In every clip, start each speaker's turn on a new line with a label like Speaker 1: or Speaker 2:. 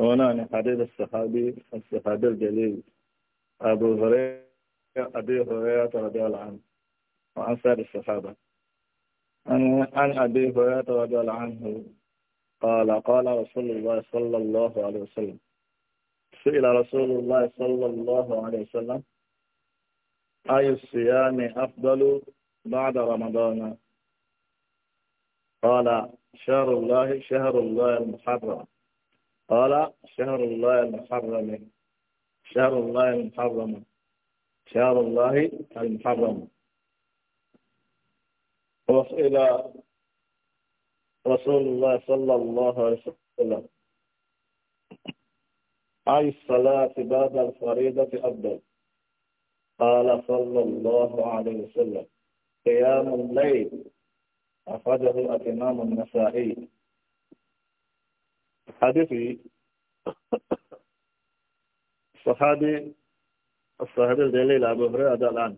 Speaker 1: هنا حديث الصحابي الصحابي الجليل أبو هريرة أبي هريرة رضي الله عنه وعن سائر الصحابة عن أبي هريرة رضي الله عنه قال قال رسول الله صلى الله عليه وسلم سئل رسول الله صلى الله عليه وسلم أي الصيام أفضل بعد رمضان قال شهر الله شهر الله المحرم قال شهر الله المحرم شهر الله المحرم شهر الله المحرم وسئل رسول الله صلى الله عليه وسلم أي الصلاة بعد الفريضة أفضل قال صلى الله عليه وسلم قيام الليل أخرجه الإمام النسائي hadith yìí sahabi sahabi da laila abu hurairah da al'an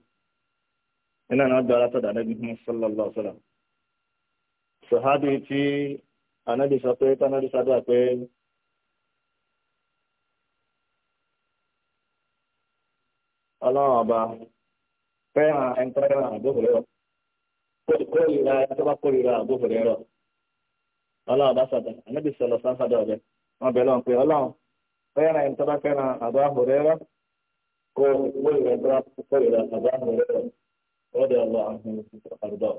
Speaker 1: ina na da rata da annabi muhammad sallallahu alaihi wasallam sahabi tí ànábì sọ pé tanabi sadua pé ọlọ́run ọba fẹ́ràn ẹni tó fẹ́ràn àbúrò rẹ̀ kórìíra ẹni tó bá kórìíra àbúrò rẹ̀ ọlọ́run bá sọ̀tọ̀ ànábì sọ̀lọ̀ sáfàdọ̀ ọ̀bẹ wọn bẹ̀ lọ́n pé ọlọ́run fẹ́ràn ẹni tó bá fẹ́ràn àbá àhùrẹ́rà kó wó ìrẹ́ tó kó ìrẹ́ àbá àhùrẹ́rà ó dẹ̀ lọ àwọn àrùdọ̀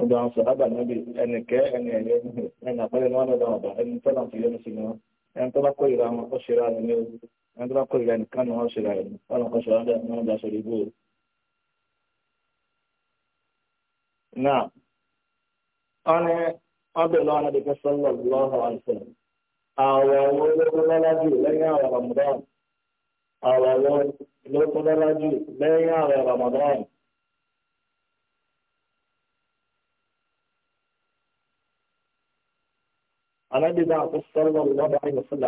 Speaker 1: ọdọ àwọn sọ̀rọ̀ ànábì ẹnìkẹ́ ẹni ẹ̀yẹ ẹni àpẹẹrẹ ni wọn lọ́dọ̀ ọ̀bà ẹni tó náà ti yẹnu sí ni wọn ẹni tó bá kó ìrẹ́ àwọn ọ̀ṣẹ̀rẹ̀ àwọn ẹni ẹni tó bá kó ìrẹ́ nìkan ni wọ́n ṣẹlẹ̀ rẹ̀ wọn kọ́ ṣọ̀rọ̀ wọn dá sọ̀rọ̀ ibú rẹ̀. náà wọn ní ọbẹ̀ lọ́wọ́ náà dẹ̀kẹ́ sọ́lọ̀ lọ́wọ́ àìsàn àwọn àwọn olókùnlọ́lá jù lẹ́yìn àwọn Ramadan àwọn àwọn olókùnlọ́lá jù lẹ́yìn àwọn Ramadan. Ànábì náà kò sọ́lọ̀ lọ́wọ́ àìsàn ṣé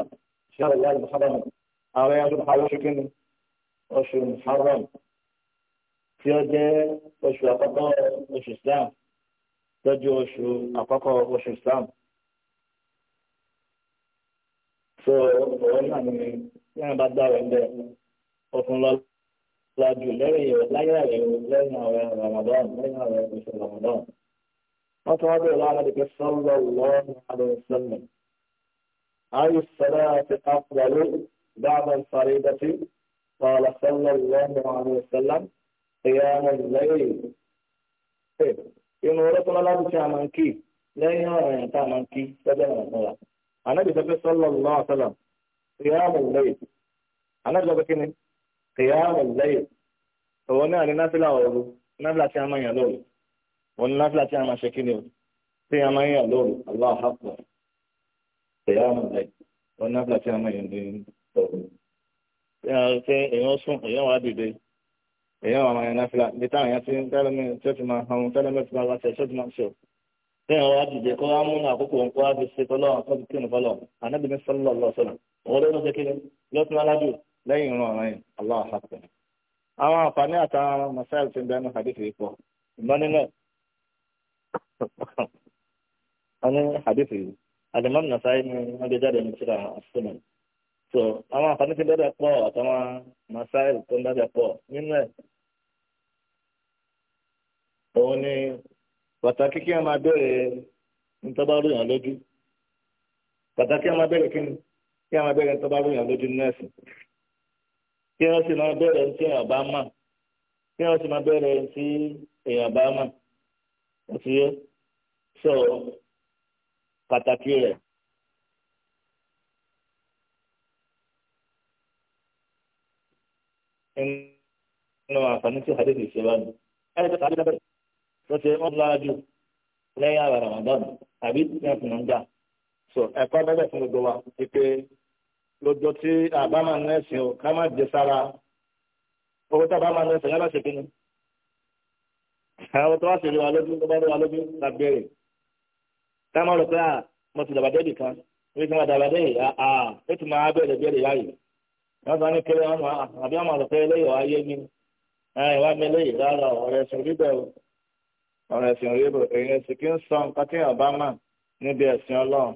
Speaker 1: àwọn ìyá ìmùsàlámù àwọn ẹ̀yà ṣùgbọ́n àwọn ṣùgbọ́n oṣù Muharram tí ó jẹ́ oṣù àkọ́kọ́ oṣù Islam. lọ́jọ́ oṣù àkọ́kọ́ oṣù islam so òun náà ni yẹn bá dá rẹ̀ ń bẹ̀ ọkùn lọ lájú lẹ́yìn láyé àyẹ̀wò lẹ́yìn àwẹ̀ ramadan lẹ́yìn àwẹ̀ oṣù ramadan wọ́n tún wá bẹ̀rẹ̀ lọ́wọ́ láti pé sọ́lọ́ lọ́wọ́ àdéhùn sẹ́lẹ̀ ayé sọ́lá ti àpọ̀lọ́ bàbá ìfàrẹ́dàtì قال صلى الله عليه وسلم قيام الليل irun ọlọ́pàá lọ́dún tí a máa ń kí lẹ́yìn ọ̀rọ̀ yẹn tá a máa ń kí lọ́jọ́ ìrìn fún wa anábì sọ pé sọ́lọ́ lọ́wọ́ sọ́lọ́ kìyàmù lẹ́yìn anábì sọ pé kí ni kìyàmù lẹ́yìn òun náà ní náfìlà òru náfìlà tí a máa yàn lóru òun ní náfìlà tí a máa ṣe kí ni o tí a máa yàn lóru Allahu akbar kìyàmù lẹ́yìn òun náfìlà tí a máa yàn lóru ṣé èèyàn àwọn àyàn náfìlà ibi táwọn èèyàn ti ń tẹ́lẹ̀mí tẹ́tù máa àwọn tẹ́lẹ̀mí ti máa wáṣẹ tẹ́tù máa ṣe tẹ́yìn ọ̀rọ̀ àdìjẹ kọ́ amúnú àkókò òǹkó àti ṣe tọ́lọ́ àwọn tó kírun fọlọ́ ànábì ní sọ́lọ́ lọ́sọ̀nà ọ̀rọ̀ lọ́sọ̀ kékeré lọ́sùn aládù lẹ́yìn ìran ọ̀rọ̀ yẹn aláwọ̀ àpẹ. àwọn àǹfààní àtàwọn masáyà ti ń bẹnu hadithi pọ̀ ìmọ̀ nínú ọ̀nà hadithi alimami nasayi ni wọ́n nínú ẹ̀ òun ni pàtàkì kí wọn máa bẹ̀rẹ̀ ntọ́ba ròyìn lójú pàtàkì wọn máa bẹ̀rẹ̀ kí si. wọn máa bẹ̀rẹ̀ ntọ́ba ròyìn lójú nẹ́ẹ̀sì kí wọn sì máa bẹ̀rẹ̀ ntí èèyàn bá mà kí wọn sì máa bẹ̀rẹ̀ èèyàn bá mà yẹ sọ pàtàkì àǹfààní tí lọ́sẹ̀ wọ́n láàájú lẹ́yìn ara Ramadan àbí ìpínlẹ̀ fún ọjà so ẹ̀kọ́ bẹ́bẹ̀ fún gbogbo wa ti pé lọ́jọ́ tí àbá máa ń ẹ̀sìn o ká má jẹ sára owó tá a bá ń ẹ̀sìn yálà ṣe kí àwọn tó wá sí ìrìnwá lójú tó bá rí wa la bẹ̀rẹ̀ ká má rò pé à mo ti dàbàdé ibì kan wí sí ma dàbàdé yìí à ó ti máa bẹ̀rẹ̀ bẹ̀rẹ̀ yá yìí wọ́n sọ ní kéré wọn àbí wọn máa pé eléyìí ọ̀ ọ̀rọ̀ ẹ̀sìn òyìnbó èèyàn sì kí ń sọ nǹkan tí níbi ẹ̀sìn ọlọ́run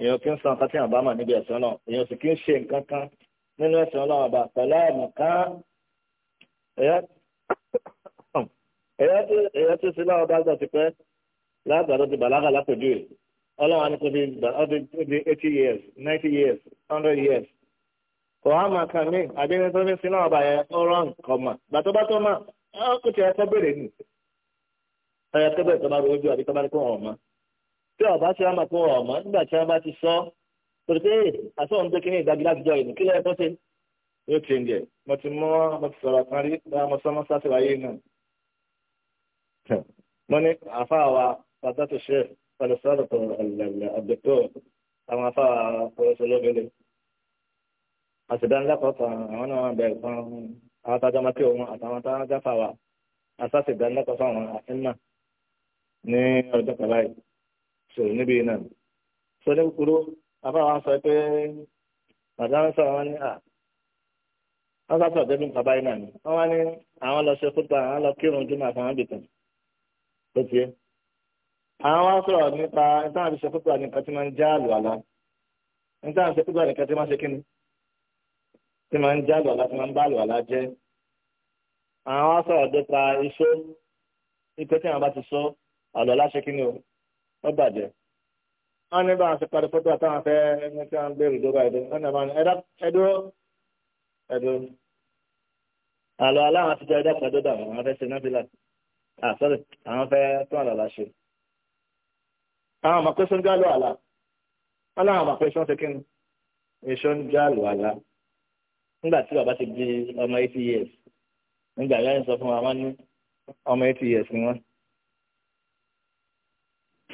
Speaker 1: èèyàn kí ń sọ nǹkan tí níbi ẹ̀sìn ọlọ́run èèyàn sì kí ń ṣe nǹkan kan nínú ẹ̀sìn ọba pẹ̀lú kan di eighty years ninety years hundred years kò á máa kàn mí àbí ẹni tó ní ọba yẹn ó rán nǹkan mà ọyọ kẹbẹ tó bá ro ojú àbí tó bá rí kó hàn ọmọ tí ọba tí wọn máa kó hàn ọmọ nígbà tí wọn bá ti sọ torí pé àsọ̀rọ̀ tó kíní ìdájí láti jọ ìlú kílẹ̀ ẹ̀kọ́ ṣe ló ti ń jẹ mo ti mọ mo ti sọ̀rọ̀ kan rí bá mo sọmọ sáṣẹ wáyé náà mo ní àfáà wa pàtàkì ṣe pẹ̀lú sọ̀rọ̀ tó àbẹ̀tọ̀ àwọn àfáà pọ̀lọ́sọ lóbìnrin àṣìdánilẹ́kọ̀ọ́ kan àwọn náà bẹ̀rẹ̀ kan ní ọjọ́ kan láì so níbi iná so ní kúkúrú bàbá wa sọ pé bàbá wa sọ wọn ní à wọn sọ sọ débi nǹkan báyìí náà ni wọn wá ní àwọn lọ ṣe fúnpa àwọn lọ kírun jùmọ̀ àtàwọn bìtàn ló tiẹ̀ àwọn wá sọ̀rọ̀ nípa níta àti ṣe fúnpa nìkan tí máa ń já àlù àlá níta àti ṣe fúnpa nìkan tí máa ń ṣe kíni tí máa ń já àlù àlá tí máa ń bá àlù àlá jẹ́ àwọn wá sọ̀rọ̀ nípa iṣó ipe tí àwọn bá ti sọ àlọ́lá ṣe kí ni o wọ́n bàjẹ́ wọ́n ní bá wọn ṣe parí fọ́tò àtàwọn fẹ́ ní kí wọ́n béèrè ìjọba ẹ̀dọ́ wọ́n náà máa ní ẹ̀dọ́ ẹ̀dọ́ àlọ́ aláwọn ti jẹ́ ẹ̀dọ́ pẹ̀lú dà wọ́n fẹ́ ṣe náà bílà àsọ́rẹ̀ àwọn fẹ́ tún àlọ́lá ṣe. àwọn ọmọ pẹ́sọ́n gálò àlá wọ́n láwọn ọmọ pẹ́sọ́n ṣe kí ni iṣọ́ ń gálò àlá nígbà tí bàbá ti di ọmọ eighty years nígbà yẹn sọ fún wa wọ́n ní ọmọ eighty years ni wọ́n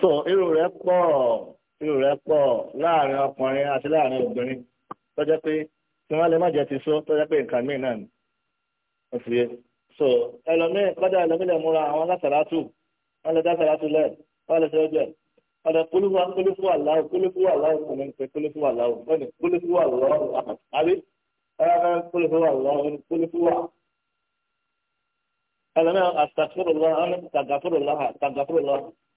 Speaker 1: so irú rẹ̀ pọ̀ irú rẹ̀ pọ̀ láàrin ọkùnrin àti láàrin obìnrin tó jẹ́ pé tí wọ́n lè má jẹ́ ti sọ tó jẹ́ pé nǹkan míì náà ni ó ti yé so ẹlòmíì kọjá ẹlòmíì lè múra àwọn alásàlátù wọ́n lè dá sàlátù lẹ̀ wọ́n lè ṣe ọjọ́ ọ̀dọ̀ kólúfú kólúfú aláwọ̀ kólúfú aláwọ̀ kò ní pé kólúfú aláwọ̀ wọ́n ní kólúfú aláwọ̀ àbí ẹ̀rọ kólúfú aláwọ̀ kólúfú wà. ẹlòmíì àtàkùrọ̀ lọ́wọ́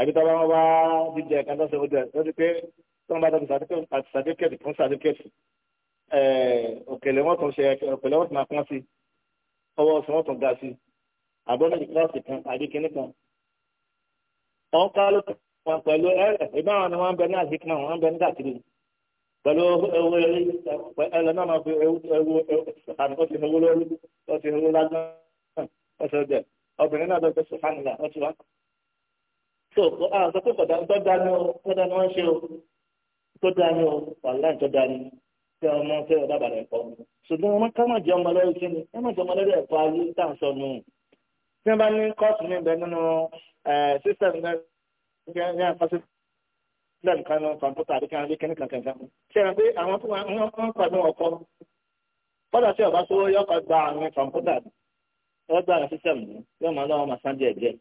Speaker 1: àbí tí wọ́n wá jíjẹ kan tó ṣe ó jẹ lórí pé tí wọ́n bá tọ́jú sàdékẹ́tì fún sàdékẹ́tì òkèlè wọn tún ṣe òkèlè wọn tún máa pọ́n sí ọwọ́ ọ̀sán wọn tún ga sí àbọ̀nà kíláàsì kan àbí kínní kan. wọ́n ká ló wọn pẹ̀lú ẹ̀rẹ̀ ìbáwọn ni wọ́n ń bẹ ní àdìkínà wọ́n ń bẹ ní káàkiri pẹ̀lú ewu ẹ̀rọ náà máa fi ewu ewu lórí ó ti so a sọ pé kọ̀dà tó dání o tó dání wọ́n ṣe o tó dání o wàláì tó dání tí wọ́n mọ fẹ́ ọ̀dà bàrẹ̀ ẹ̀kọ́ ṣùgbọ́n wọn ká má jẹ́ ọmọ lẹ́yìn kí ni ká má jẹ́ ọmọ lẹ́yìn ẹ̀kọ́ ayé tá à ń sọ nù. tí wọ́n bá ní kóòtù ní ibẹ̀ nínú sísẹ̀mù náà ní àkọsí sísẹ̀mù kan ní kọ̀ǹpútà àbí kan kọ́dà tí ọba tó yọkọ̀ gba àwọn kọ̀ǹpútà ọgbà sísẹ̀mù yóò máa lọ́wọ́ màsán díẹ̀ díẹ̀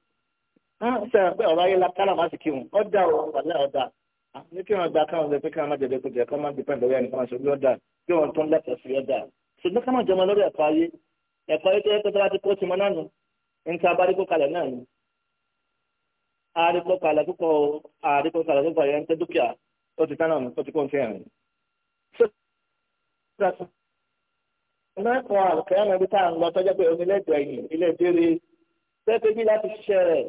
Speaker 1: sẹ́yìn pé ọ̀rọ̀ ayé la kálà má sì kí wọn ọ̀dà o wàlẹ́ ọ̀dà ní kí wọn gba káwọn lè pé káwọn má jẹjẹ kojẹ kọ́ má dìpẹ́ lórí ẹnì kan ṣòbí ọ̀dà kí wọn tó ń lẹ́tọ̀ọ́ sí ọ̀dà ṣùgbọ́n ká má jọmọ lórí ẹ̀kọ́ ayé ẹ̀kọ́ ayé tó yẹ pẹ́tẹ́ láti kó ti mọ náà nù níta abáríkó kalẹ̀ náà nù. àríkó kalẹ̀ púpọ̀ àríkó kalẹ̀ púpọ̀ yẹn tẹ́ dúkìá ó ti tánà nù ó ti kó ń fi hàn. mẹ́kọ̀ọ́ àlùkẹ́yàmẹ́bí tá à ń lọ tọ́jọ́ pé omi ilé ìdẹ̀yìn ilé ìdérè tẹ́tẹ́ bí láti ṣiṣẹ́ rẹ̀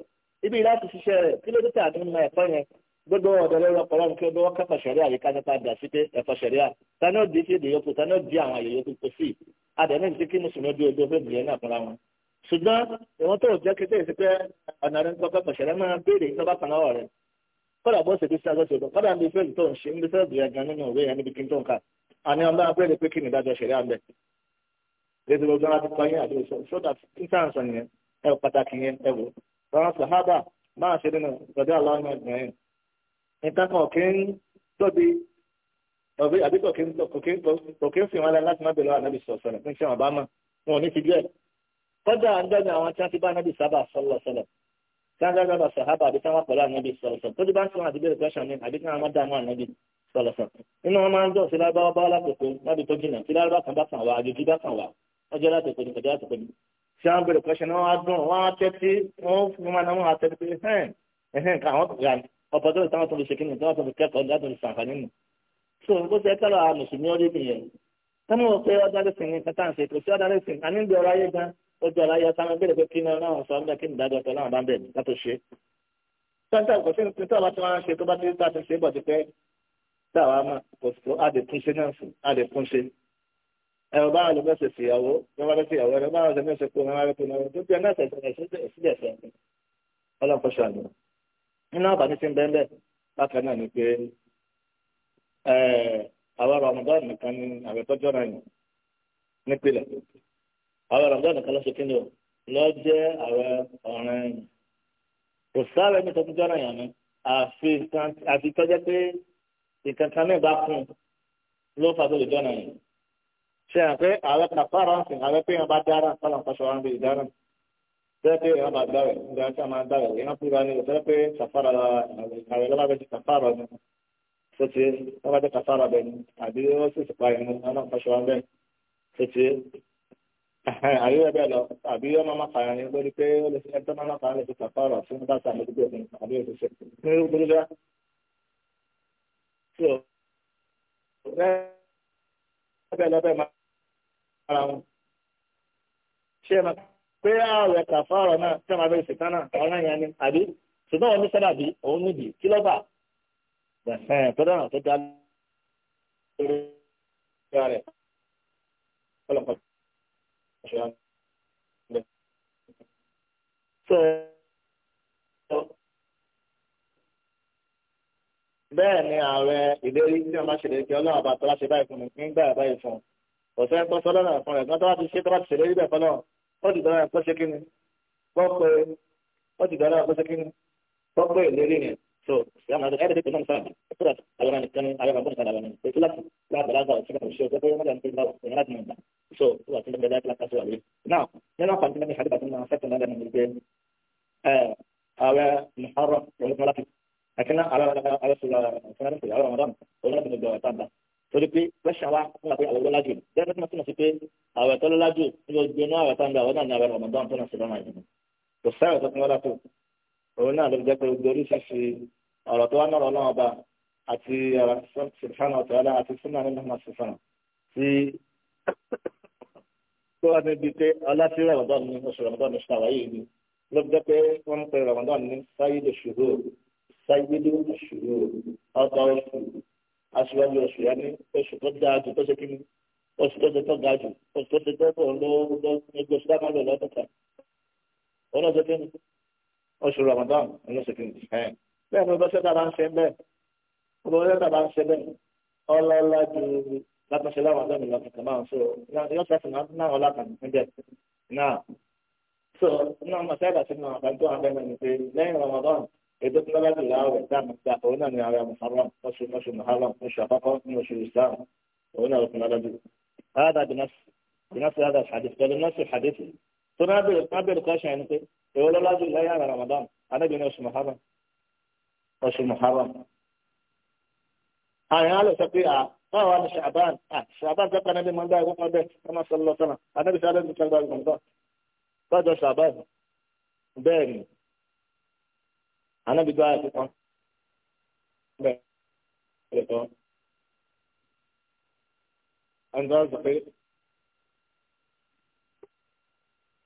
Speaker 1: ibi láti ṣiṣẹ́ rẹ̀ kí ló dé tà nínú ẹ̀kọ́ yẹn gbogbo ọ̀dọ́ lórí ọpọlọ nípa bí wọ́n kẹ́kọ̀ọ́ sẹ̀ríà yìí kájọpá dà sí pé ẹ̀kọ́ sẹ̀ríà tani ó di sí èdè yòókù tani ó di àwọn àyè yòókù kò sí adẹ̀mí ti kí mùsùlùmí ojú ojú ọgbẹ́ ìbílẹ̀ náà fúnra wọn. ṣùgbọ́n ìwọ́n tó jẹ́ kété sí pé ọ̀nà rẹ̀ ń kọ́ kẹ́kọ̀ọ́ sẹ̀ríà máa béèrè ìtọ́ba kan lọ́wọ́ rẹ̀ kọ́dà bó ṣe bí sí agbẹ́sẹ̀ lọ kọ́dà níbi fẹ́ẹ̀lì tó ń ṣe níbi fẹ́ẹ̀lì rẹ̀ gan nínú òwe yẹn níbi kí n tó ń àwọn sàhábà máa ṣe nínú ìtọ́jú aláwọ̀ ẹ̀gbẹ̀rin nǹkan kan kì í tóbi ọ̀bí àbí kò kí ń fi wọn lẹ́nu láti má bèrè àwọn ànábì sọ̀rọ̀ sọ̀rọ̀ níṣẹ́ wọn bá mọ̀ wọn ò ní fi bí ẹ̀ kọ́dà ń dọ́gba àwọn tí wọ́n ti bá ànábì sábà sọ̀rọ̀ sọ̀rọ̀ tí wọ́n dọ́gba sàhábà àbí tí wọ́n pẹ̀lú ànábì sọ̀rọ̀ sọ̀rọ̀ tó dé bá ń sọ̀rọ̀ àti bèrè pẹ́sàn mi àbí tí wọ́n má dààmú ànábì sọ̀rọ̀ sọ̀rọ̀ tí wọ́n bẹ̀rẹ̀ pẹ́ṣẹ̀ náà wọ́n á dùn wọ́n á tẹ́tí wọ́n fún wọn náà wọ́n á tẹ́tí pé ẹ̀hẹ́n ẹ̀hẹ́n ká àwọn ọ̀gá ọ̀pọ̀tọ́rọ̀ táwọn tó lè ṣe kíni táwọn tó lè kẹ́kọ̀ọ́ láti lè ṣàǹfààní nù. so bó ṣe kálọ̀ àwọn mùsùlùmí ọdún nìyẹn táwọn ò pé ọjà lẹ́sìn ní kátà ń ṣe kò sí ọjà lẹ́sìn àní ń bẹ ọ̀rọ̀ ayé gan ojú ọ̀rọ̀ ayé ọ̀sán bẹ̀rẹ̀ pé kíni ọlọ́run sọ ọ́nbẹ̀ kí nìdájọ́ ọ̀tọ̀ náà bá ń bẹ̀ mí látò ṣe. sọ́ńtà kò sí ní ẹ̀rọ bá lọ mẹ́sẹ̀ fìyàwó ẹ̀rọ bá lọ fìyàwó ẹ̀rọ bá lọ mẹ́sẹ̀ kó ẹ̀rọ bá lọ kó ẹ̀rọ tó bí ẹ̀ mẹ́sẹ̀ ẹ̀sẹ̀ sílẹ̀ fẹ́ ọlọ́pọ̀ ṣàlù nínú àbáni tí ń bẹ́ẹ̀ bẹ́ẹ̀ bákan náà ni pé àwọn Ramadan nìkan ni àwẹ̀tọ́jọ́ náà ni nípìnlẹ̀ àwọn Ramadan nìkan lọ́sẹ̀ kí ni o lọ jẹ́ àwẹ̀ ọ̀ràn ẹ̀yìn kò sáré ní tọ́jọ́ náà yàn mí àfi tọ́jọ́ pé ìkankan náà bá kún ló fà tó lè jọ́ náà yìí ṣe hàn pé àwọn kan fara ń sìn àwọn pé wọn bá dára fọlọ́n kan ṣọwọ́n bí ìdára ṣe pé wọn bá dára ìdára tí wọn máa dára ìyẹn kúrò ní ìṣẹ́ pé kàfàrà àwọn ìlọ́ba bẹ́ẹ̀ ti kàfàrà ọ̀nà ṣe ti wọn bá jẹ́ kàfàrà bẹ́ẹ̀ ni àbí wọ́n sì ti pa ìrìn wọn kan ṣọwọ́n bẹ́ẹ̀ ṣe ti àríwá bẹ́ẹ̀ lọ àbí ọmọ máa fà yàn ní lórí pé ó lè ṣe ẹjọ́ máa fà yàn lè fi kàfàrà fún bá sàmójúgbò ọ̀sìn àbí òṣìṣẹ́ ní gbogbo so bẹ́ẹ̀ bẹ́ẹ̀ lọ bẹ́ẹ̀ máa ara wọn ṣé ma pé ààrẹ kàfàrọ̀ náà tí a máa bẹ̀rẹ̀ ṣètánà ọ̀ràn yẹn ni àbí ṣùgbọ́n wọn ní sábàbí òun nídìí kí ló bà bẹ̀sẹ̀ tó dáná tó dá lórí ìyá rẹ̀ ọlọ́pàá ṣe wá. So, bẹ́ẹ̀ ni ààrẹ ìlérí tí wọ́n bá ṣèlérí kí ọlọ́run àbàtọ́ láṣẹ báyìí fún mi nígbà báyìí fún un ọ̀sẹ̀ ẹgbọ́n sọ lọ́nà fún ẹ̀gbọ́n tó wá ti ṣe tó wá ti ṣèlérí bẹ̀ fọlọ́ ó ti dára ẹ̀kọ́ ṣe kí ni gbọ́ pé ó ti dára ẹ̀kọ́ ṣe kí ni gbọ́ pé ìlérí yẹn so ìyáma ẹ̀dẹ̀ ẹ̀dẹ̀ tẹ̀sán sáà ẹ̀kọ́ àwọn nìkan àwọn àbọ̀ nìkan àwọn nìkan ètò láti láti láti láti ṣe ṣe ọjọ́ pé wọ́n máa ń tẹ̀lé ìyá láti mọ̀ so wà sí ẹgbẹ́ láti láti wà lé now nínú àpàtì mẹ́rin ṣàdébà tó máa fẹ́tọ̀ lọ́dọ̀ nínú pé ààrẹ muharram olùkọ́ láti àkínná àwọn àwọn àwọn àwọn àwọn torí pé pẹ́ṣà wa fún àpé àwọn ọlọ́lájú ni bẹ́ẹ̀ bẹ́ẹ̀ tí wọ́n ti pé àwọn ẹ̀tọ́ lọ́lájú ní ojú iná àwọn ẹ̀tọ́ ń bẹ àwọn náà ní àwọn ọmọdé tó náà ṣe lọ́nà ìdìbò kò sáré tó kún wọ́n dàtò òun náà ló jẹ́ pé ojú oríṣiríṣi ọ̀rọ̀ tó wá náà lọ́wọ́ ọba àti ọ̀rọ̀ sùfànà ọ̀tọ̀ọ̀lá àti súnà nínú ọmọ sùfànà tí tó wà níbi pé ọlá tí ramadan ní oṣù aṣíwájú oṣù yá ní oṣù tó dáa jù tó ṣe kí ni oṣù tó ṣe tó ga jù oṣù tó ṣe tó pọ̀ lọ́wọ́ ẹgbẹ́ oṣù dábàá lọ lọ́dún kan ọlọ́sẹ̀ kí ni oṣù Ramadan ọlọ́sẹ̀ kí ni bẹ́ẹ̀ ni ọlọ́sẹ̀ tá a bá ń ṣe bẹ́ẹ̀ ọlọ́sẹ̀ tá a bá ń ṣe bẹ́ẹ̀ ọlọ́lá ju látọ̀ṣe Ramadan ní lọ́dún kan máa ń sọ yóò fún náà ọlá kan níbẹ̀ náà so náà mọ̀ ẹgbẹ́ tó lábàá jùlọ àwọn ẹ̀dá àmọ́ta òun náà ní ara muharram oṣù oṣù muharram oṣù àkọ́kọ́ ní oṣù islam òun náà lọ́kùnrin lábàá jùlọ. هذا بنفس بنفس هذا الحديث فلنفس الحديث تنابل تنابل قاشا يعني يقول الله جل وعلا رمضان أنا بين oṣù muharram oṣù muharram. àyàn àlọ́ sọ pé à báwa ni ṣàbán ṣàbán tó kàn ní mọ́ báyìí wọ́n bẹ́ẹ̀ ọmọ sọlọ sọlọ àdébísí àdébísí kẹlẹ́ bá Anábì dọ́ àyà kan, kàn bẹ̀rẹ̀ tọ́. Ẹni tó ń sọ pé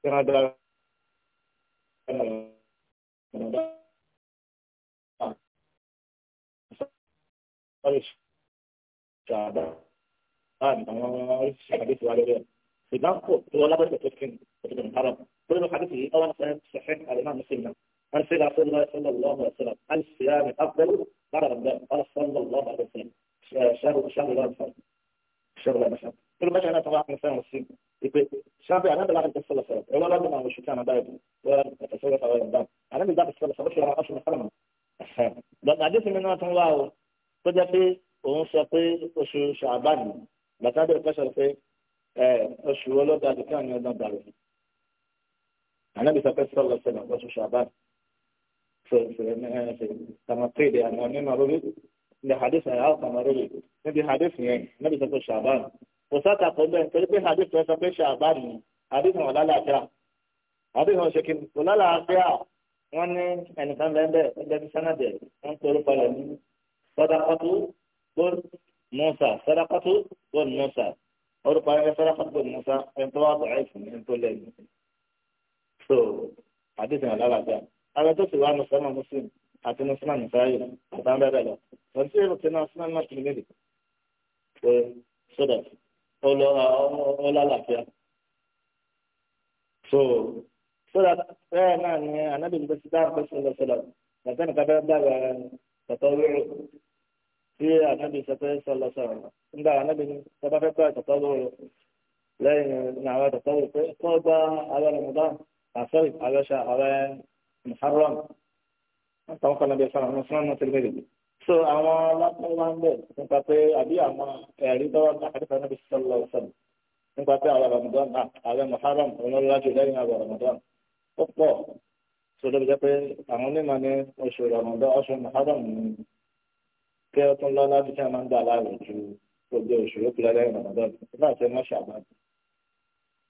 Speaker 1: kí wọ́n dára ẹnu ọ̀dọ́. Ọ̀rẹ́sì ṣàdá láàrin àwọn oríṣiríṣi àdéhùn wa lórí ẹ̀. Ìdáhùn pọ̀ tó ọlábẹ́sẹ̀ tó fi ń ọdún ìbára. Lórí ọkọ̀ àdéhùn yìí, ọwọ́ ń sẹ́yìn sẹ́yìn àdéhùn àmì sí ìlànà. أرسل رسول الله صلى الله عليه وسلم عن الصيام أفضل بعد رمضان قال صلى الله عليه وسلم شهر شهر لا نفر شهر لا نفر كل ما جاءنا طبعا إنسان مسلم يقول شاب أنا بلا أن تصلى صلاة ولا لا ما مش كان بعد ولا أتصور على رمضان أنا من بعد الصلاة مش راح أشوف حرام لأن عديت من أنا تنواه تجا في ونسقي وشو شعبان بتابع كشر في وشو ولد هذا كان يدنا بعرفه أنا بسافر صلى الله عليه وسلم وشو شعبان tàmàkéde àmọ́ nínú àròbí ní hadith ẹ̀ àkàm àròbí níbi hadith yẹn níbi sọ pé ṣàbán kò sáta kọ bẹ́ẹ̀ torí pé hadith yẹn sọ pé ṣàbán ni hadith wọn lálàáfíà hadith wọn ṣe kí wọn lálàáfíà wọn ní ẹnìkan bẹ́ẹ̀ bẹ́ẹ̀ ẹgbẹ́ ti sánà bẹ́ẹ̀ wọn torí palẹ̀ ní sadakatu bọ́n musa sadakatu bọ́n musa orúkọ ayẹyẹ sadakatu bọ́n musa ẹni tó àwọn tó sì wá mùsùlùmá muslim àti mùsùlùmá nìsáyé àtàwọn bẹ́ẹ̀ bẹ́ẹ̀ lọ wọ́n ti rò pé náà mùsùlùmá náà kìlì méjì pé sódà ọlọ́làfíà so sódà bẹ́ẹ̀ náà ni anábìyí bẹ́ẹ̀ sí dáhùn bẹ́ẹ̀ sí lọ́sọ̀lọ́ nàìjíríà nìkan bẹ́ẹ̀ dàgbà tọ̀tọ̀ wíwò tí anábìyí sọ pé sọ lọ́sọ̀rọ̀ nígbà anábìyí sọ bá fẹ́ pẹ́ tọ̀tọ̀ wíwò lẹ́yìn àwọn tọ̀tọ̀ wíwò pé kọ́ muharram àtàwọn kan náà bẹ fara wọn fúnra náà tẹlifẹ gẹ́gẹ́ so àwọn alákọ̀ọ́ máa ń bẹ̀ nípa pé àbí àwọn ẹ̀rí tọ́wọ́ àdìsá náà bí sọ́lá ọ̀sán nípa pé àwọn ramadan àwọn muharram ọlọ́lá jù lẹ́yìn àwọn ramadan ó pọ̀ so lóbi jẹ́ pé àwọn onímọ̀ ní oṣù ramadan oṣù muharram ní pé ó tún lọ́lá jù kí wọ́n máa ń gbà láàrẹ̀ nígbà tí wọ́n ṣàbá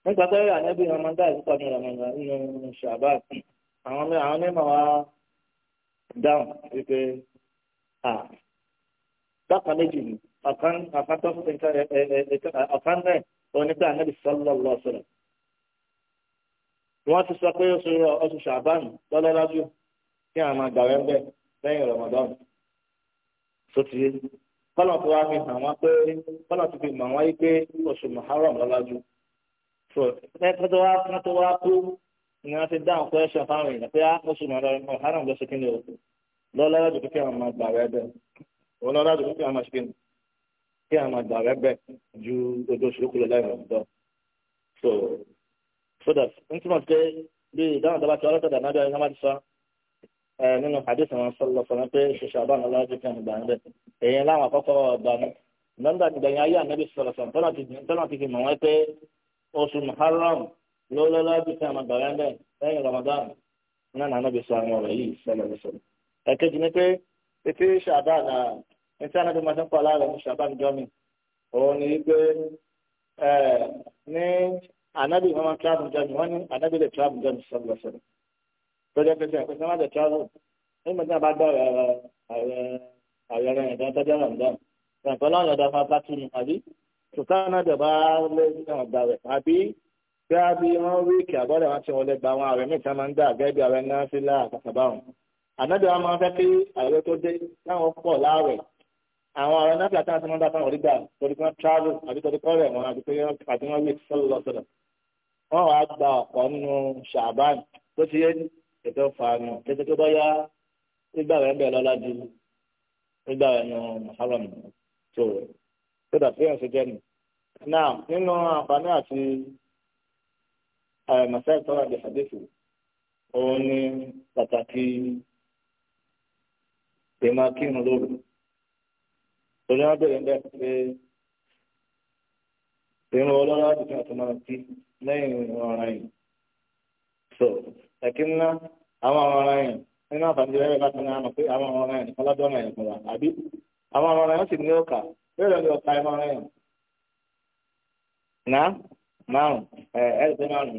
Speaker 1: nípa pé ramadan ìpàdé ramadan nínú ṣàbá àwọn ní àwọn ní màá dáhùn wípé à dákan méjì ni ọ̀kan ọ̀kan tó ń nǹkan ẹ ẹ ẹ ọ̀kan náà onígbà anábì sọlọ́lọ́ sọ̀rọ̀ wọ́n ti sọ pé oṣù oṣù ṣàbán lọ́lọ́lájú kí àwọn àgbà rẹ̀ ń bẹ̀ lẹ́yìn rọ̀mọ̀dọ́nù tó ti yé kọ́lọ̀ tó wá pé kọ́lọ̀ tó ni wọ́n ti dáhùn question fáwọn èèyàn pé oṣù mọ̀lẹ́rìn ọ̀hánà ló ṣe kí ni o lọ́lá lájú pé kí àwọn máa gbà rẹ bẹ́ẹ̀ òun lọ́lá lájú pé kí àwọn máa ṣe kí ni máa gbà rẹ bẹ́ẹ̀ ju ojú oṣù kúlò lẹ́yìn ọ̀dọ́ so so that n túmọ̀ pé bí ìdáhùn dábàá ti ọlọ́tọ̀dà náà bẹ́ẹ̀ ní wọ́n máa ti sọ nínú hadith wọn sọlọ sọlọ pé ṣiṣẹ́ àbá náà lájú pé àwọn gbà rẹ bẹ́ẹ̀ èèyàn láwọn àkọ́kọ́ ọ̀gbà ni lọ́ńdà ti gbẹ̀yìn ayé ànábì lọ́lọ́lá bí tí a máa gbàgbé ẹ̀ lẹ́yìn Ramadan náà nàánú bí sọ àwọn ọ̀rọ̀ yìí sẹ́lẹ̀ ní sọ̀rọ̀. ẹ̀kejì ni pé etí ṣàbá na etí anábì máa ti ń pọ̀ láàrọ̀ ní ṣàbá níjọ́ mi òun ni pé ní anábì máa tíráàbù jọ mi wọ́n ní anábì lè tíráàbù jọ mi sọ̀rọ̀ sọ̀rọ̀ tó jẹ́ pé sẹ́yìn pé sẹ́yìn máa lè tíráàbù nígbà tí a bá gbọ́ àyẹ̀rẹ̀ bíá bí wọ́n rí kí àbọ̀dọ̀ wọn ti wọlé gba àwọn ààrẹ mẹ́ta máa ń dà gẹ́gẹ́ bí ààrẹ náà sí láàkàkàbá wọn ànábì wọn máa ń fẹ́ kí ààrẹ tó dé láwọn pọ̀ láàrẹ̀ àwọn ààrẹ náà fìlà táwọn ti máa ń dá fáwọn orí gbà torí pé wọ́n travel àbí torí kọ́ rẹ̀ wọn àbí pé àbí wọ́n wí sọ́lọ́ sọ́dọ̀ wọ́n wàá gba ọ̀pọ̀ nínú ṣàbán tó ti yé ètò fàánù kété tó bọ́yá nígbà rẹ̀ ń bẹ̀ lọ́lá ju nígbà rẹ̀ nù muharram tó rẹ̀ tó dà pé ẹ̀ ń ṣe jẹ́ nù. náà nínú àǹfààní àti àmàṣáì tọ́wọ́ àbí òun ní pàtàkì tèmá kírun torí wọn bẹ̀rẹ̀ bẹ́ẹ̀ pé irun ọlọ́rọ̀ àdìsí àti máa ti lẹ́yìn ọ̀ràn yìí so ẹ̀kí ńlá àwọn ọ̀ràn yìí nínú àǹfààní rẹ̀ láti ní àmọ̀ pé àwọn ọ̀ràn yìí kọ́lá dọ́nà yìí kọ́lá àbí àwọn ọ̀ràn yìí sì ní ọkà bẹ́ẹ̀ ni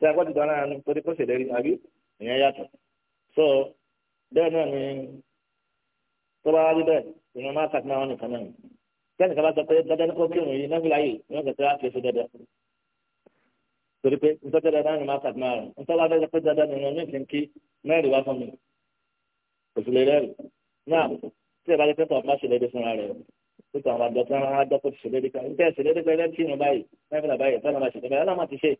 Speaker 1: ṣé agbájú dára ni torí kó ṣèlérí àbí ìyẹn yàtọ̀ so bẹ́ẹ̀ náà ni tó bá wá rí bẹ́ẹ̀ ìran máa kàtí náà wọn nìkan náà kẹ́ni kan bá sọ pé dandan ní kó kírun yìí náà láyè ìwọ̀n kẹsẹ̀ á kẹsẹ̀ dandan torí pé ntọ́jọ́ dandan ni máa kàtí náà rẹ̀ ntọ́ bá fẹ́ sọ pé dandan ni wọn mìíràn kí mẹ́rin wá fún mi òsì lè rẹ́rìn náà tí ẹ bá lè pé ẹ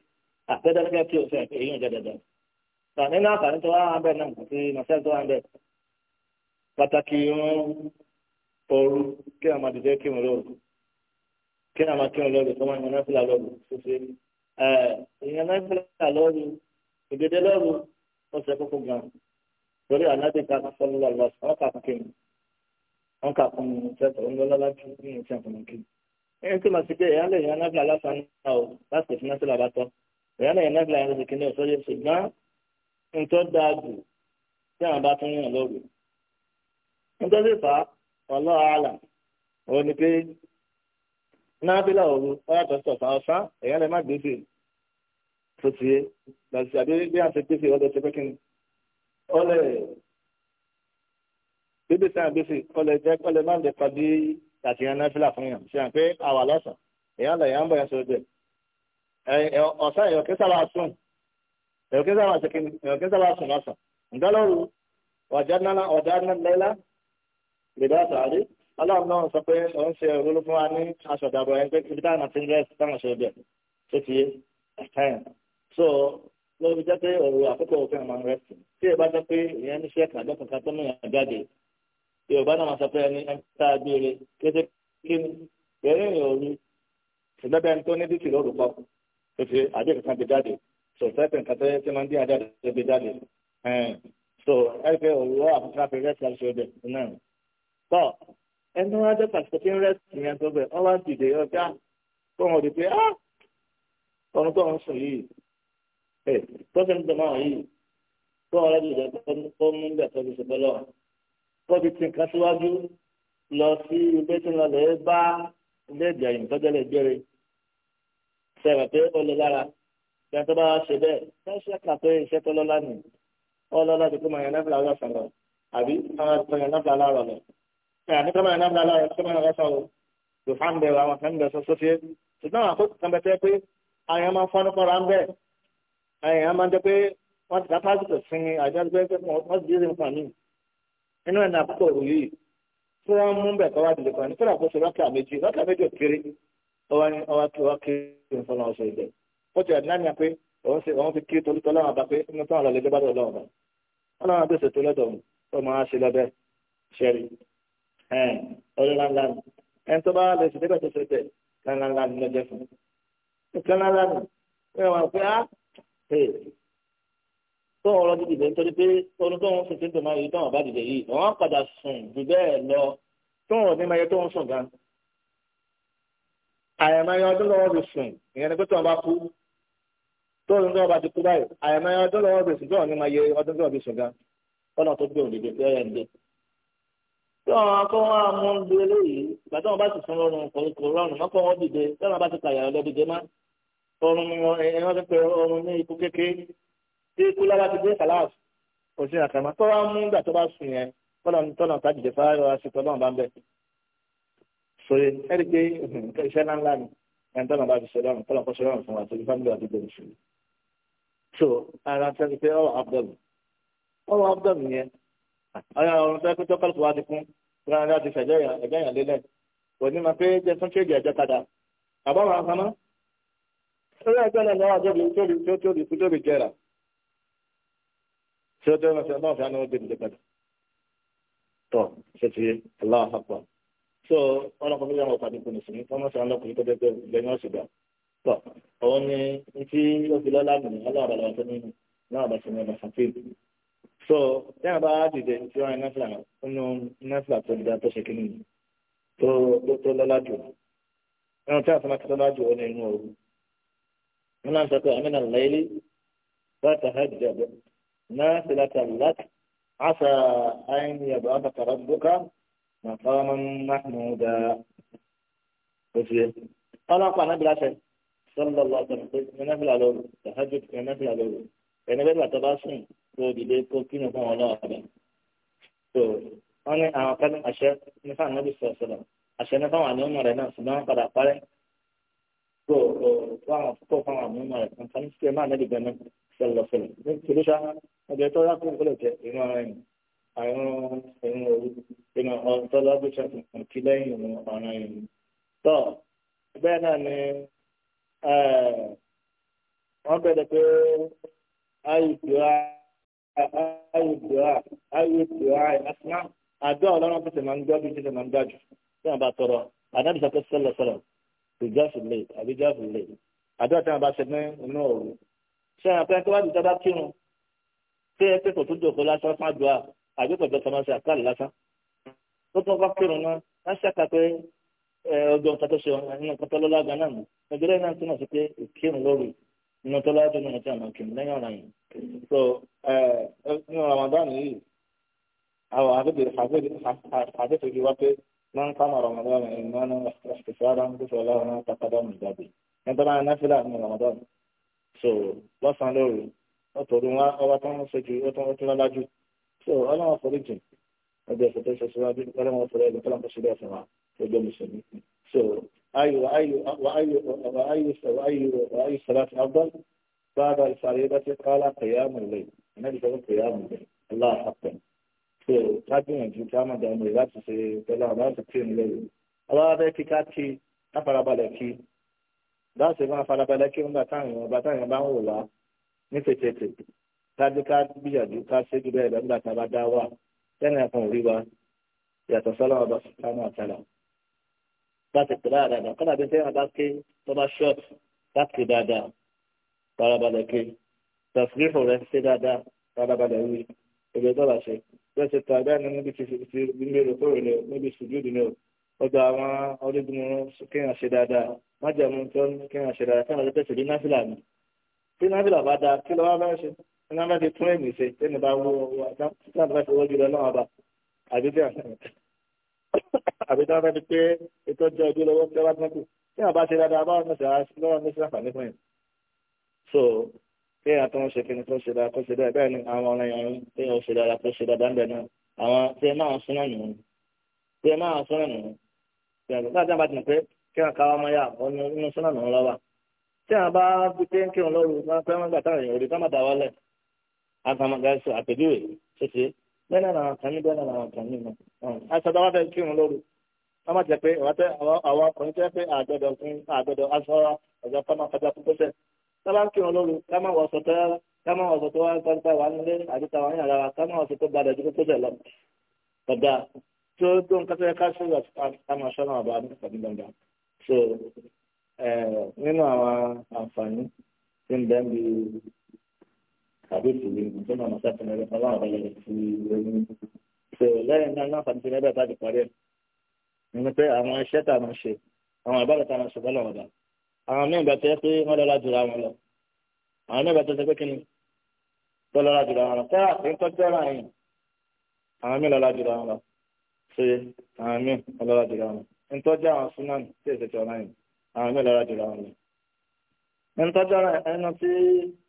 Speaker 1: àtẹ́dẹ́gbẹ́ tí o fẹ́ pé èyí ń jẹ dandan tà nínú àǹfààní tó wá ń bẹ̀ náà àti nàṣẹ́ tó wá ń bẹ̀ pàtàkì irun ooru kí àwọn àdìjẹ́ kí wọn lóru kí àwọn akíwọn lóru tó máa ń yan náà fìlà lóru ṣíṣe ẹ ìyan náà fìlà lóru ìdèdè lóru ó ṣe kókó gan torí ànábì ká sọ́lú lọ́wọ́ wọn kà fún kíni wọn kà fún ìyá náà yẹn náà gbìyànjú ti kíní ọ̀sọ́ yẹn ṣùgbọ́n nǹkan dáa jù tí àwọn bá tún yàn lóru nǹkan sì fà á ọlọ́ọ̀ àlà òun ni pé nábìlà òru ọ̀yàtọ̀ sọ̀tà ọ̀sán ìyá náà má gbèsè tó ti yé lọ́sí àbí bí a ṣe gbèsè ọlọ́ọ̀ ṣe pé kíni ọlẹ̀ bíbí sáà gbèsè ọlẹ̀ jẹ́ ọlẹ̀ má lè pa bí àtìyàn nábìlà fún yàn ṣe à ń pé àwà lọ́sàn ìyá ọ̀sán ìyọ̀kẹ́ sábà sùn ìyọ̀kẹ́ sábà sùn ìyọ̀kẹ́ sábà sùn lọ́sàn ǹdálọ́rù wàjánná ọ̀dánná lẹ́lá lèdàtà àrí ọlọ́run náà sọ pé ó ń ṣe ìrólú fún wa ní aṣọ ìdàbọ̀ ẹni pé ibi táwọn àti ilé ti yé so ló fi jẹ́ pé òru àkókò òfin àmọ́ rẹ̀ tí ẹ bá jẹ́ pé ìyẹn ní ṣe kàdé kankan tó mú ìyàn jáde yorùbá náà sọ pé ẹni ẹni tá kété kí ni pẹ̀lú ìrìn òru ìgbẹ́bẹ́ ẹni tó ní dìtì lórúkọ ó ti àdé kankan gbé jáde so sẹ́pẹ̀ nǹkan tẹ́ tí máa ń dín àdé àdé gbé jáde so ẹgbẹ́ òwúrọ̀ àfikún àfi rẹ́sì àti ọdẹ náà tọ́ ẹni wọn jẹ́ pàṣẹ tí ń rẹ́sì yẹn tó bẹ̀ wọ́n dìde ọjà tó wọn di pé ah ọ̀run tó ń sùn yìí ẹ̀ tó ṣe ń dọ̀ máa yìí tó ọ̀rẹ́ dìde tó ń bẹ̀ tó ti ṣùgbọ́n lọ tó ti ti nǹkan síwájú lọ sí ilé tí ń lè bá ilé ìdí sẹ̀rọ̀ pé ọlọ lára ìgbà tó bá ṣe bẹ́ẹ̀ ṣẹ́ṣẹ́ kà pé iṣẹ́ tó lọ́lá nì ọlọ́lá ti kó máa yàn náfìlà ọlọ́sà lọ àbí máa tó yàn náfìlà láàrọ̀ lọ. àbí tó máa yàn náfìlà láàrọ̀ tó máa yàn lọ́sà lọ kò fà ń bẹ̀ àwọn kan bẹ̀ sọ́sọ́ fi é ṣùgbọ́n àwọn àkókò kan bẹ tẹ́ pé àyàn máa fọ́nú kọ́ra ń bẹ̀ àyàn máa jẹ́ pé wọ́n ti ká pásítọ̀ sinmi àjọ pé wọ́n ti dé nǹkan mí inú ẹ̀ ní àkókò òru yìí tí wọ́n mú bẹ̀ kọ́ wá dìlẹ̀ kan ní ọwọ́ ní ọwọ́ kí ọwọ́ kí n fọlọ́ ọ̀sẹ̀ ìbẹ̀ ó ti àdínà níyà pé òun ṣe òun fi kí tolútọ́ lọ́wọ́ àbá pé inú tó àlọ́ lẹ́jọ́ bá dọ̀ lọ́wọ́ bá ọlọ́run àbẹ̀sẹ̀ tó lọ́dọ̀ ọmọ á ṣe lọ́bẹ̀ ṣẹ́rí ọlọ́láńlá ẹni tó bá lè ṣe débẹ̀ tó ṣe tẹ̀ láńláńlá ni lọ́jọ́ fún nǹkan láńlá ni wọ́n wà pé á tó ọ̀rọ̀ dídì bẹ́ẹ̀ nítorí pé ohun tó ń sùn sí tòmáyé tó wọn bá dìde yìí wọ́n padà sùn jù bẹ́ẹ̀ lọ tó ọ̀rọ̀ ní àyàmáyà ọdún lọ́wọ́ fi sùn ìyẹn ni pé tí wọ́n bá kú tó ń lọ́wọ́ bá ti kú báyìí àyàmáyà ọdún lọ́wọ́ fi sùn tí wọ́n ní máa yẹ ọdún lọ́wọ́ fi sùn gan ọ̀nà tó gbé òdìdè tó yẹ ǹdẹ. tí wọ́n akọ́ wọn mú un lu eléyìí ìgbà tí wọ́n bá sì sùn lọ́rùn kòríkò rọrùn mọ́kọ́ wọn dìde tí wọ́n bá ti kàyà ọ̀dọ́ dìde má ọrùn ní ikú kékeré tí ikú lára ti dé kàláàsì kò sí àkàmá tó wá mú ìgbà tó bá sùn yẹn tọ́nà tọ́nà tá sórí ẹni pé hm, nǹkan iṣẹ́ náà ńlá ni ẹni tó náà bá fi ṣe lọ́rùn tó náà kọ́ fún wa tó fámìlì àti gbèrè ṣe. so ara ń sẹ́ni pé ọ̀rọ̀ abdọ́mù ọ̀rọ̀ abdọ́mù yẹn ọ̀rọ̀ ọ̀rọ̀ tó yẹ kó tọ́kọ̀lù wa ti kún ìran láti ṣẹ̀jẹ̀ ẹ̀jẹ̀yàn lélẹ̀ òní ma pé jẹ tún ṣéèjì ẹ̀jẹ̀ padà àbá wọn kan náà orí ẹgbẹ́ náà lọ́wọ́ àjọbi tóbi tóbi tóbi jẹrà tí ó dé ọ̀nà sí ọ̀nà ọ̀fẹ́ àná ó dé ìdè padà tọ́ ṣe ti aláwọ̀ àpọ̀ so ọlọ́kọ̀ fún yàrá ọ̀pàdé kò ní sinmi fọmọ́sí ọlọ́kùnrin tó dẹ́gbẹ́ lẹ́yìn ọ̀ṣùgbà tọ̀ òun ni tí ó fi lọ́lá nù ọlọ́ọ̀bà lọ́wọ́ tó nínú náà bá sinmi ọba sàfíìlì so tí a bá dìde tí wọ́n ní náfìlà nínú náfìlà tó dìde tó ṣe kínní tó tó lọ́lá jù nínú tí a fọmọ́ tó lọ́lá jù ó ní inú òru wọn náà sọ pé àmì náà lẹ́yìn bá tàhádìí náà sì látàlá àṣà àyìn yàgbọ́ màkàmá mahmuda oṣù yẹ ọlọ́run pa anábìlá fẹ sọlọ lọ àtàwọn pé ẹnábìlá lóru tàhájú ẹnábìlá lóru ẹnábìlá tó bá sùn tó dìde kó kíni fún wọn náà rẹ tó wọn ní àwọn kan àṣẹ nípa ànábì sọ sọlọ àṣẹ nípa àwọn àníwọn rẹ náà ṣùgbọ́n padà parẹ́ tó tó àwọn kó fún àwọn àníwọn rẹ kan kan ní sèké máa nẹbi gbẹmẹ sọlọ sọlọ ní tìlúṣà ọbẹ tó yá kó kó lè jẹ ìmọ̀ ara yìí àwọn ẹ̀rùn òru ìmọ̀ ọ̀rọ̀ tó lágbèsè kankan kí lẹ́yìn ìmọ̀ ọ̀ràn ìmọ̀. tọ́ bẹ́ẹ̀ náà ni wọ́n bẹ̀rẹ̀ pé ayùdùá ayùdùá ayùdùá asúná àdúrà ọlọ́run tó ti máa ń gbọ́ bí tó ti máa ń gbà jù tí wọ́n bá tọrọ àdábìsà tó sẹ́lẹ̀ sọ̀rọ̀ ìjọ́sù lè àbíjọ́sù lè àdúrà tí wọ́n bá ṣe ní inú òru ṣé àwọn akẹ́kọ̀ọ́ wá tó bá kírun tí ẹ pé kò tún jòkó lásán fún àdúrà àbí pẹ̀lú ọ̀tọ̀ máa ṣe àkàlù lásán tó tó bá kírun náà á ṣàkà pé ọjọ́ nǹkan tó ṣe ọ̀nà nínú nǹkan tó lọ́lá gan náà nù nàìjíríà náà túmọ̀ sí pé ìkírun lórí nínú tó lájú nínú tí a máa lẹ́yìn ọ̀ràn yìí so nínú Ramadan yìí àwọn àdéhùn fi wá pé máa ń kámọ̀ Ramadan yìí máa ń ṣàkóso àdéhùn ọlọ́run náà tàkàdá mi jáde nítorí àwọn náfìlà nínú Ramadan so lọ́sàn-án lórí ọ̀tọ̀ ọdún wa ọba tó ń ṣe ju ó tó lọ́lá jù so ọlọ́run àforíjì ọdẹ ìfọ̀tẹ́ ṣe síwájú ọlọ́run ọ̀fọ̀rẹ́ ẹ̀dùn kọ́lá kọ́sí bẹ́ẹ̀ fún wa ẹgbẹ́ mùsùlùmí so ayò ayò ayò ayò ayò sàlátì abdul bàbá ìsàlẹ̀ bá ti kọ́lá kẹyàmù lẹ̀ ẹ̀nàdì sọ́kọ́ kẹyàmù lẹ̀ aláàpẹ̀ so kábíyànjú ká má dàmú rẹ̀ láti ṣe pẹ̀lú àwọn láti kí ni lẹ́yìn ọlọ́run abẹ́ kíká kí láfarabalẹ̀ kí láti máa farabalẹ̀ kí ń bá táwọn bá táwọn bá ń wò lá ní tètè tètè kájú ká gbìyànjú ká ṣéjú bẹ́ẹ̀ lọ́gbà tá a bá dá wà tẹ́lẹ̀ kan rí wa yàtọ̀ sọ́lá ọba sùkánù àtàlà bá ti pèlà dáadáa kọ́nà bí sẹ́yìn bá ké tó bá ṣọ́ọ̀tì bá ké dáadáa farabalẹ̀ ké tàṣírífò rẹ̀ ṣe dáadáa farabalẹ̀ wí èdè tó bá ṣe bẹ́ẹ̀ ṣe tó àgbà nínú níbi ti mérò tó rèé níbi sùjúdù ni o ọgbà àwọn orígun kéèyàn ṣe dáadáa májàmú tó kéèyàn ṣe dáadáa káwọn ọjọ́ tẹ̀sí ní náfìlà ni tí náfìlà bá dáa kí lọ́wọ́ bá ń ṣe ẹni bá ti tún ẹ̀mí ṣe ẹni bá wọ ọ̀dà bá ti wọ́jú lọ náà bá àbíjà àbíjà bá ti pé ètò ọjọ́ ojú lọ́wọ́ tí wọ́n bá tún kù tí wọ́n bá ṣe dáadáa bá wọn ṣe lọ́wọ́ ní sí àǹfààní fún yẹn. so kí ẹ̀yà tó ń ṣe kíni tó ṣe dáadáa tó ṣe dáadáa bẹ́ẹ̀ ni àwọn ọ̀rẹ́ yẹn kí ẹ̀yà ó ṣe dáadáa tó ṣe dáadáa ń bẹ̀ náà àwọn tí ẹ máa súná nù tí ẹ máa súná nù láti àbájá mọ̀ pé kí wọn káwọn ọmọ yà ọ̀nà inú súná nù lọ́wọ́ tí wọn bá gbé kéńkéń lọ́rùn fẹ́ wọn gbà táwọn èèyàn rí fẹ́ wọn dà wálẹ̀ agbamagasi àpèjúwe ṣèṣe bẹ́ẹ̀ náà làwọn kan ní bẹ́ẹ̀ náà làwọn kan ní ìmọ̀ aṣọ́dá wàá fẹ́ kírun lóru wọ́n má jẹ́ pé àwọn ọkùnrin tẹ́ pé àgbẹ̀dọ̀ fún àgbẹ̀dọ̀ aṣọ́ra ọ̀jọ̀ fọ́nà ọjà púpọ̀ sẹ́ sábà ń kírun lóru ká má wọ̀ ọ̀sọ̀ tó ká má wọ̀ ọ̀sọ̀ tó wá gbàgbà wà nílé àdìta wà ní àrà ká má ọ̀sọ̀ tó gbàdà ju púpọ̀ sẹ́ lọ ọ̀dà tí so eh, nínú àwọn àǹfààní tí ń bẹ́ẹ̀ bíi tàbí ìtòwé ìgbìmọ̀ náà mọ̀sá tó lẹ́yìn ọlọ́run ọ̀rẹ́ yẹn ti ẹni. ṣe lẹ́yìn náà náà fàmìtì lẹ́bẹ̀ẹ́ bá ti parí ẹ̀ nínú pé àwọn iṣẹ́ tá a máa ṣe àwọn àbálẹ̀ tá a máa ṣe bọ́lọ̀ ọ̀dà àwọn míì bá tẹ́ pé wọ́n lọ́la jùlọ àwọn lọ àwọn míì bá tẹ́ pé kíni tó lọ́la jùlọ àwọn lọ tẹ́ àpéńtọ́ tẹ́ra yìí àwọn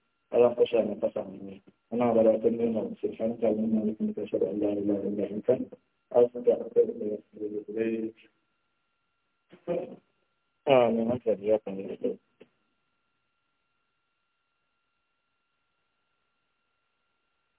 Speaker 1: اللهم خش على قسم مني أنا ولا تنين سبحانك اللهم لك أشهد أن لا إله إلا أنت أستغفرك آمين أنت جاكم